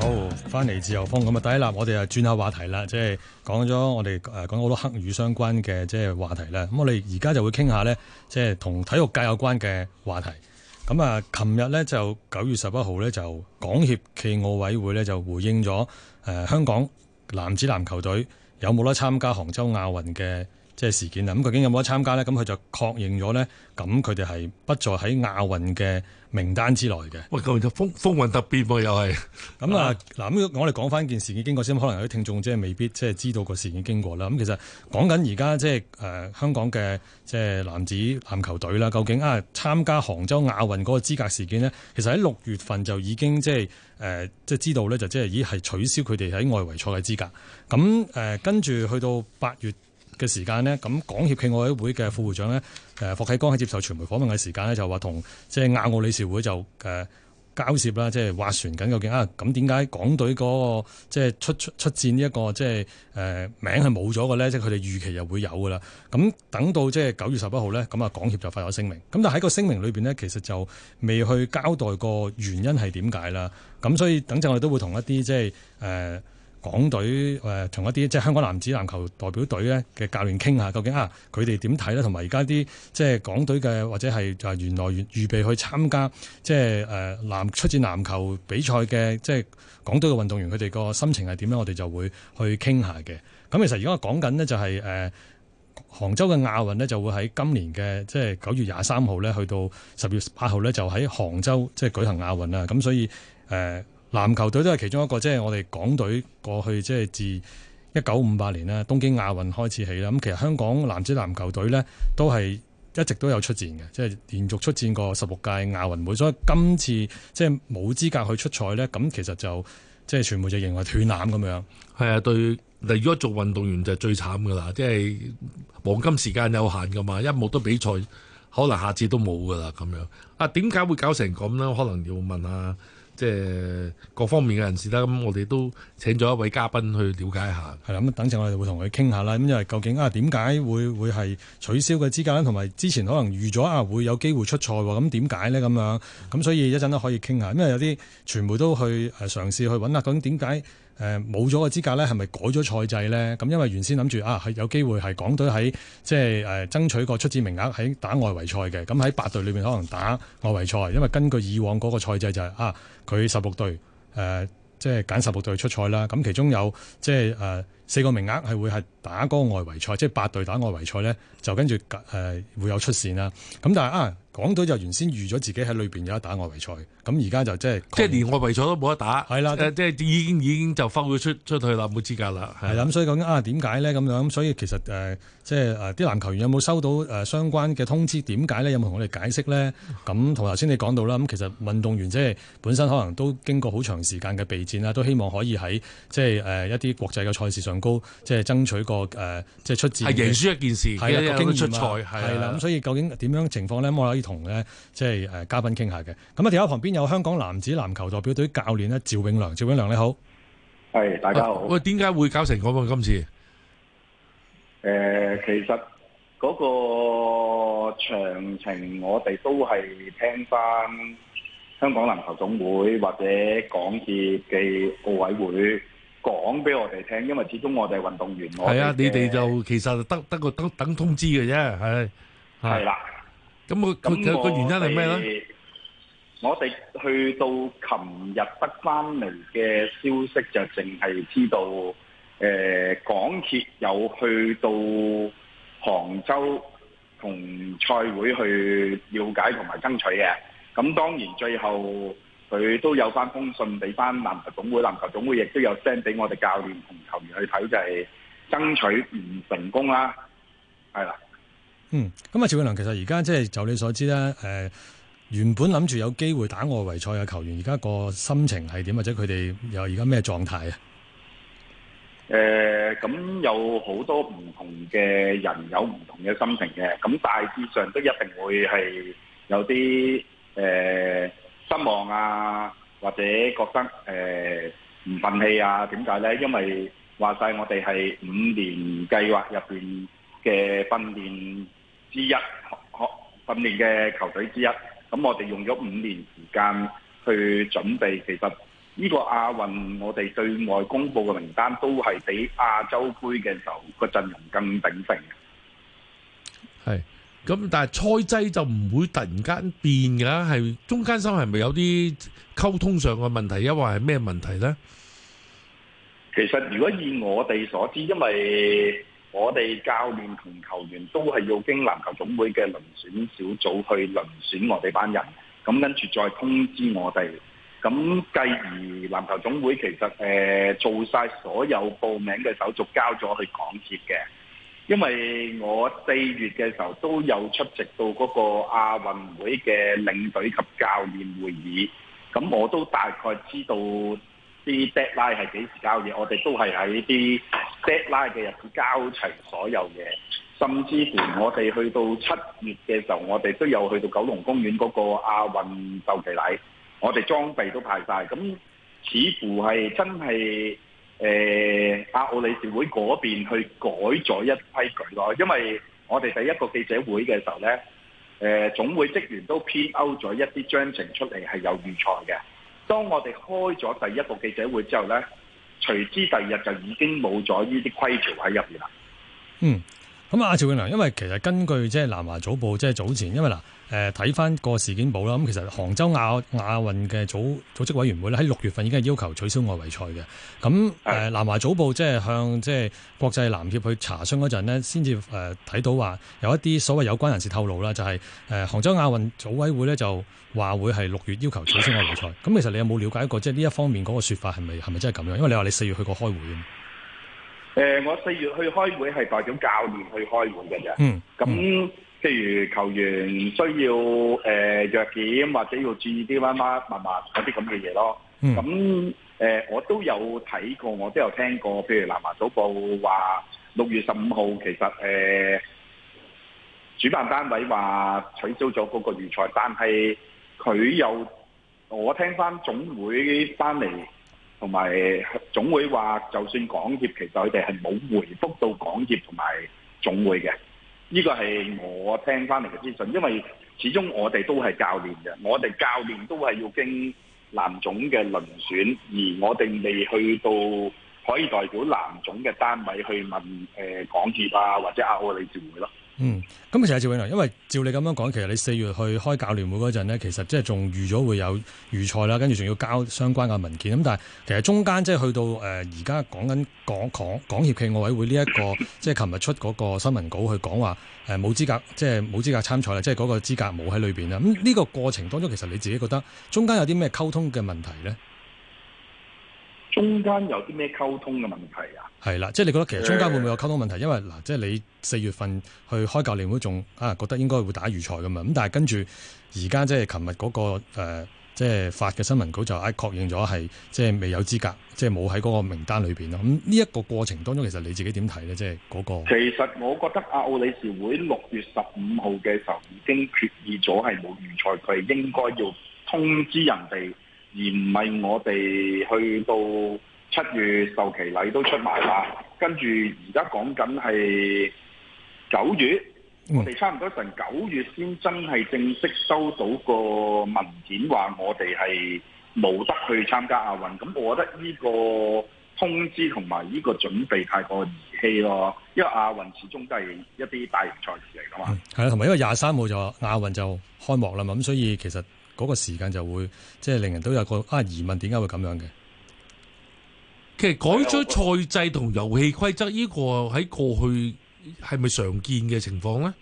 好，翻嚟自由風咁啊！第一啦，我哋啊轉下話題啦，即係講咗我哋誒講好多黑雨相關嘅即係話題啦。咁我哋而家就會傾下呢，即係同體育界有關嘅話題。咁啊，琴日呢，就九月十一號呢，就港協暨奧委會呢，就回應咗誒香港男子籃球隊有冇得參加杭州亞運嘅。即係事件啦，咁究竟有冇得參加呢？咁佢就確認咗呢，咁佢哋係不在喺亞運嘅名單之內嘅。喂，咁就風風雲突變喎，又係咁那啊！嗱，我哋講翻件事件經過先，可能有啲聽眾即係未必即係知道個事件經過啦。咁其實講緊而家即係誒、呃、香港嘅即係男子籃球隊啦，究竟啊、呃、參加杭州亞運嗰個資格事件呢？其實喺六月份就已經即係誒、呃、即係知道呢，就即係已係取消佢哋喺外圍賽嘅資格。咁誒跟住去到八月，嘅時間呢，咁港協暨奧委會嘅副會長呢，霍啟剛喺接受傳媒訪問嘅時間呢，就話同即亞奧理事會就誒交涉啦，即劃船緊究竟啊？咁點解港隊嗰個即出出出戰呢一個即誒名係冇咗嘅咧？即佢哋預期又會有噶啦。咁等到即九月十一號呢，咁啊港協就發咗聲明。咁但喺個聲明裏面呢，其實就未去交代個原因係點解啦。咁所以等陣我哋都會同一啲即誒。呃港隊呃、同一啲即係香港男子籃球代表隊呢嘅教練傾下，究竟啊佢哋點睇呢？同埋而家啲即係港隊嘅或者係原來預備去參加即係、呃、籃出戰籃球比賽嘅即係港隊嘅運動員，佢哋個心情係點樣呢？我哋就會去傾下嘅。咁其實而家講緊呢，就係杭州嘅亞運呢，就會喺今年嘅即係九月廿三號呢，去到十月八號呢，就喺杭州即係舉行亞運啊！咁所以、呃籃球隊都係其中一個，即係我哋港隊過去即係自一九五八年咧，東京亞運開始起啦。咁其實香港男子籃球隊呢，都係一直都有出戰嘅，即係連續出戰過十六屆亞運會。所以今次即係冇資格去出賽呢，咁其實就即係全部就認為斷纜咁樣。係啊，對，你如果做運動員就最慘噶啦，即係黃金時間有限噶嘛，一冇得比賽，可能下次都冇噶啦咁樣。啊，點解會搞成咁咧？可能要問下。即係各方面嘅人士啦，咁我哋都請咗一位嘉賓去了解下。係啦，咁等陣我哋會同佢傾下啦。咁因為究竟啊，點解會會係取消嘅資格咧？同埋之前可能預咗啊會有機會出賽喎。咁點解咧？咁樣，咁所以一陣都可以傾下。因為有啲傳媒都去、啊、嘗試去揾下究竟點解。誒冇咗個資格咧，係咪改咗賽制咧？咁因為原先諗住啊，係有機會係港隊喺即係誒爭取個出戰名額喺打外圍賽嘅。咁喺八隊裏邊可能打外圍賽，因為根據以往嗰個賽制就係啊，佢十六隊誒即係揀十六隊出賽啦。咁其中有即係誒四個名額係會係打嗰個外圍賽，即係八隊打外圍賽咧，就跟住誒會有出線啦。咁但係啊～港隊就原先預咗自己喺裏面有得打外圍賽，咁而家就即係即係連外圍賽都冇得打，係啦的，即係已經已經就分會出出去啦，冇資格啦，係咁。所以究竟啊點解咧咁樣？所以其實即係啲籃球員有冇收到、啊、相關嘅通知？點解咧有冇同我哋解釋咧？咁同頭先你講到啦，咁其實運動員即、就、係、是、本身可能都經過好長時間嘅備戰啦，都希望可以喺即係一啲國際嘅賽事上高，即、就、係、是、爭取個即係出戰。係贏輸一件事嘅一個經驗係、啊、啦，咁的、嗯、所以究竟點樣情況咧？同咧即係誒嘉賓傾下嘅，咁啊電話旁邊有香港男子籃球代表隊教練咧，趙永良，趙永良你好，係大家好。喂，點解會搞成咁啊？今次誒，其實嗰個詳情我哋都係聽翻香港籃球總會或者港協嘅奧委會講俾我哋聽，因為始終我哋運動員係啊，你哋就其實得得個等等通知嘅啫，係係啦。咁佢個原因係咩咧？我哋去到琴日得翻嚟嘅消息就淨係知道，呃、港鐵有去到杭州同賽會去了解同埋爭取嘅。咁當然最後佢都有翻封信俾翻籃球總會，籃球總會亦都有 send 俾我哋教練同球員去睇，就係、是、爭取唔成功啦。係啦。嗯，咁啊，趙永良，其實而家即係就你所知啦，誒，原本諗住有機會打外圍賽嘅球員，而家個心情係點或者佢哋又而家咩狀態啊？誒，咁有好多唔同嘅人有唔同嘅心情嘅，咁大致上都一定會係有啲誒失望啊，或者覺得誒唔忿氣啊？點解咧？因為話晒我哋係五年計劃入邊嘅訓練。之一學訓練嘅球隊之一，咁我哋用咗五年時間去準備。其實呢個亞運我哋對外公布嘅名單都係比亞洲盃嘅時候個陣容更鼎盛嘅。係，咁但係賽制就唔會突然間變噶，係中間心係咪有啲溝通上嘅問題，抑或係咩問題呢？其實如果以我哋所知，因為我哋教練同球員都係要經籃球總會嘅遴選小組去遴選我哋班人，咁跟住再通知我哋，咁繼而籃球總會其實誒做曬所有報名嘅手續交咗去港鐵嘅，因為我四月嘅時候都有出席到嗰個亞運會嘅領隊及教練會議，咁我都大概知道。啲 deadline 係幾時交嘢，我哋都係喺啲 deadline 嘅日子交齊所有嘢。甚至乎我哋去到七月嘅時候，我哋都有去到九龍公園嗰個亞運就期禮，我哋裝備都派晒。咁似乎係真係誒亞奧理事會嗰邊去改咗一批舉咯，因為我哋第一個記者會嘅時候咧、呃，總會職員都 po 咗一啲章程出嚟係有預賽嘅。當我哋開咗第一個記者會之後呢，隨之第二日就已經冇咗呢啲規條喺入邊啦。嗯。咁、嗯、啊，趙永良，因為其實根據即係南華早報即係早前，因為嗱誒睇翻個事件簿啦，咁其實杭州亞亞運嘅組組織委員會咧，喺六月份已經係要求取消外圍賽嘅。咁誒、呃、南華早報即係向即係國際籃協去查詢嗰陣呢，先至誒睇到話有一啲所謂有關人士透露啦，就係、是、誒、呃、杭州亞運組委會咧就話會係六月要求取消外圍賽。咁其實你有冇了解過即係呢一方面嗰個説法係咪係咪真係咁樣？因為你話你四月去過開會。誒、呃，我四月去開會係代表教練去開會嘅啫、嗯。嗯，咁譬如球員需要誒、呃、藥檢，或者要注意啲乜乜密麻嗰啲咁嘅嘢咯。咁誒、嗯呃、我都有睇過，我都有聽過，譬如南華早報話六月十五號其實誒、呃、主辦單位話取消咗嗰個預賽，但係佢又……我聽翻總會翻嚟。同埋總會話，就算港協，其實佢哋係冇回覆到港協同埋總會嘅。呢個係我聽翻嚟嘅資訊，因為始終我哋都係教練嘅，我哋教練都係要經男總嘅遴選，而我哋未去到可以代表男總嘅單位去問，呃，港協啊，或者亞奧理事會咯。嗯，咁、嗯、其實趙永良，因為照你咁樣講，其實你四月去開教練會嗰陣咧，其實即係仲預咗會有預賽啦，跟住仲要交相關嘅文件。咁但係其實中間即係去到誒而家講緊港港港協暨奧委會呢、這、一個，即係琴日出嗰個新聞稿去講話誒冇資格，即係冇資格參賽啦，即係嗰個資格冇喺裏邊啦。咁、嗯、呢、這個過程當中，其實你自己覺得中間有啲咩溝通嘅問題呢？中間有啲咩溝通嘅問題啊？係啦，即係你覺得其實中間會唔會有溝通問題？的因為嗱，即係你四月份去開教練會，仲啊覺得應該會打預賽㗎嘛。咁但係跟住而家即係琴日嗰個、呃、即係發嘅新聞稿就確認咗係即係未有資格，即係冇喺嗰個名單裏邊咯。咁呢一個過程當中，其實你自己點睇呢？即係、那、嗰個？其實我覺得亞奧理事會六月十五號嘅時候已經決議咗係冇預賽，佢應該要通知人哋，而唔係我哋去到。七月授旗禮都出埋啦，跟住而家講緊係九月，我哋差唔多成九月先真係正式收到個文件，話我哋係冇得去參加亞運。咁我覺得呢個通知同埋呢個準備太過兒戲咯，因為亞運始終都係一啲大型賽事嚟噶嘛。係呀，同埋因為廿三號就亞運就開幕啦嘛，咁所以其實嗰個時間就會即係令人都有個啊疑問，點解會咁樣嘅？其實改咗賽制同遊戲規則呢個喺過去係咪常見嘅情況呢？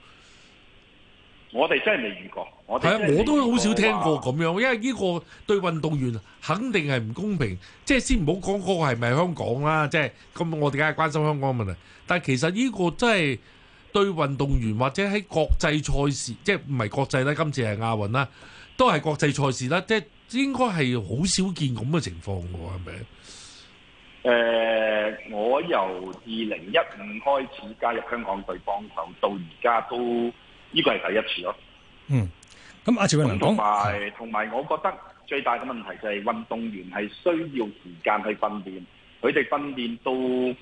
我哋真係未遇過，我係啊，我都好少聽過咁樣，因為呢個對運動員肯定係唔公平。即係先唔好講嗰個係咪香港啦，即係咁我哋梗係關心香港問題。但係其實呢個真係對運動員或者喺國際賽事，即係唔係國際啦，今次係亞運啦，都係國際賽事啦，即係應該係好少見咁嘅情況喎，係咪？誒、呃，我由二零一五開始加入香港隊幫手，到而家都呢個係第一次咯。嗯，咁阿趙文龍講，同埋同埋，啊、我覺得最大嘅問題就係運動員係需要時間去訓練，佢哋訓練到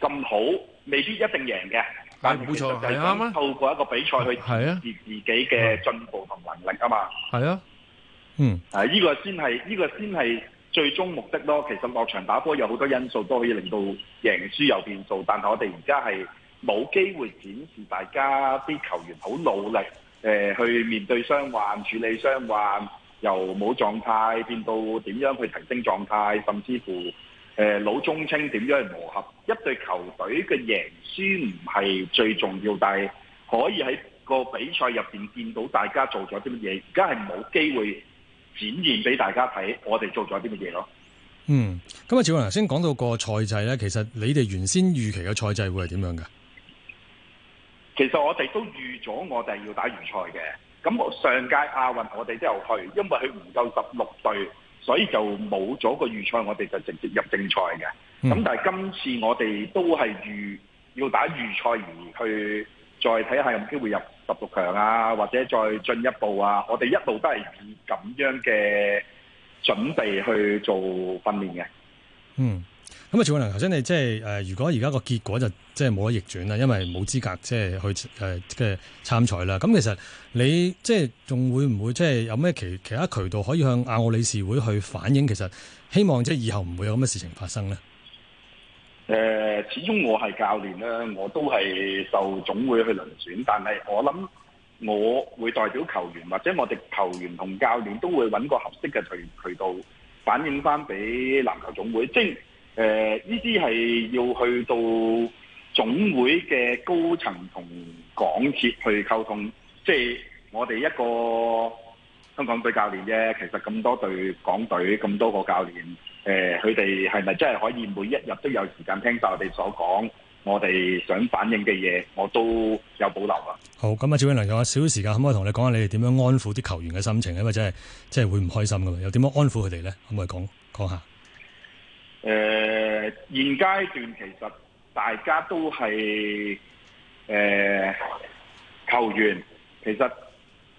咁好，未必一定贏嘅。但冇錯，你啱啊。透過一個比賽去測試自己嘅進步同能力啊嘛。係啊、嗯，嗯，啊，呢個先係，呢個先係。最終目的咯，其實落場打波有好多因素都可以令到贏輸有變數，但係我哋而家係冇機會展示大家啲球員好努力，誒、呃、去面對傷患、處理傷患，由冇狀態變到點樣去提升狀態，甚至乎誒、呃、老中青點樣去磨合一隊球隊嘅贏輸唔係最重要，但係可以喺個比賽入邊見到大家做咗啲乜嘢，而家係冇機會。展現俾大家睇，我哋做咗啲乜嘢咯。嗯，今日趙雲頭先講到個賽制呢。其實你哋原先預期嘅賽制會係點樣㗎？其實我哋都預咗，我哋要打預賽嘅。咁上屆亞運我哋都有去，因為佢唔夠十六隊，所以就冇咗個預賽，我哋就直接入正賽嘅。咁、嗯、但係今次我哋都係預要打預賽而去，再睇下有冇機會入。十六強啊，或者再進一步啊，我哋一路都係以咁樣嘅準備去做訓練嘅。嗯，咁啊，趙永良頭先你即係誒，如果而家個結果就即係冇得逆轉啦，因為冇資格即係去誒嘅參賽啦。咁其實你即係仲會唔會即係有咩其其他渠道可以向亞奧理事會去反映？其實希望即係以後唔會有咁嘅事情發生咧。誒，始終我係教練啦，我都係受總會去輪選，但係我諗我會代表球員，或者我哋球員同教練都會揾個合適嘅渠渠道反映翻俾籃球總會，即係誒呢啲係要去到總會嘅高層同港協去溝通，即係我哋一個香港隊教練啫，其實咁多隊港隊咁多個教練。誒，佢哋係咪真係可以每一日都有時間聽晒我哋所講？我哋想反映嘅嘢，我都有保留啊。好，咁啊，趙永良仲有少少時間，可唔可以同你講下你哋點樣安撫啲球員嘅心情？因為真係，真係會唔開心㗎嘛？又點樣安撫佢哋咧？可唔可以講講下？誒、呃，現階段其實大家都係誒、呃、球員，其實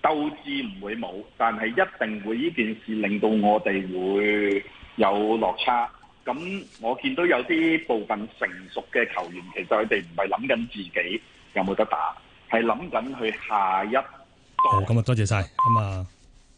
鬥志唔會冇，但係一定會呢件事令到我哋會。有落差，咁我見到有啲部分成熟嘅球員，其實佢哋唔係諗緊自己有冇得打，係諗緊去下一步。好、哦，咁啊，多謝晒。咁啊。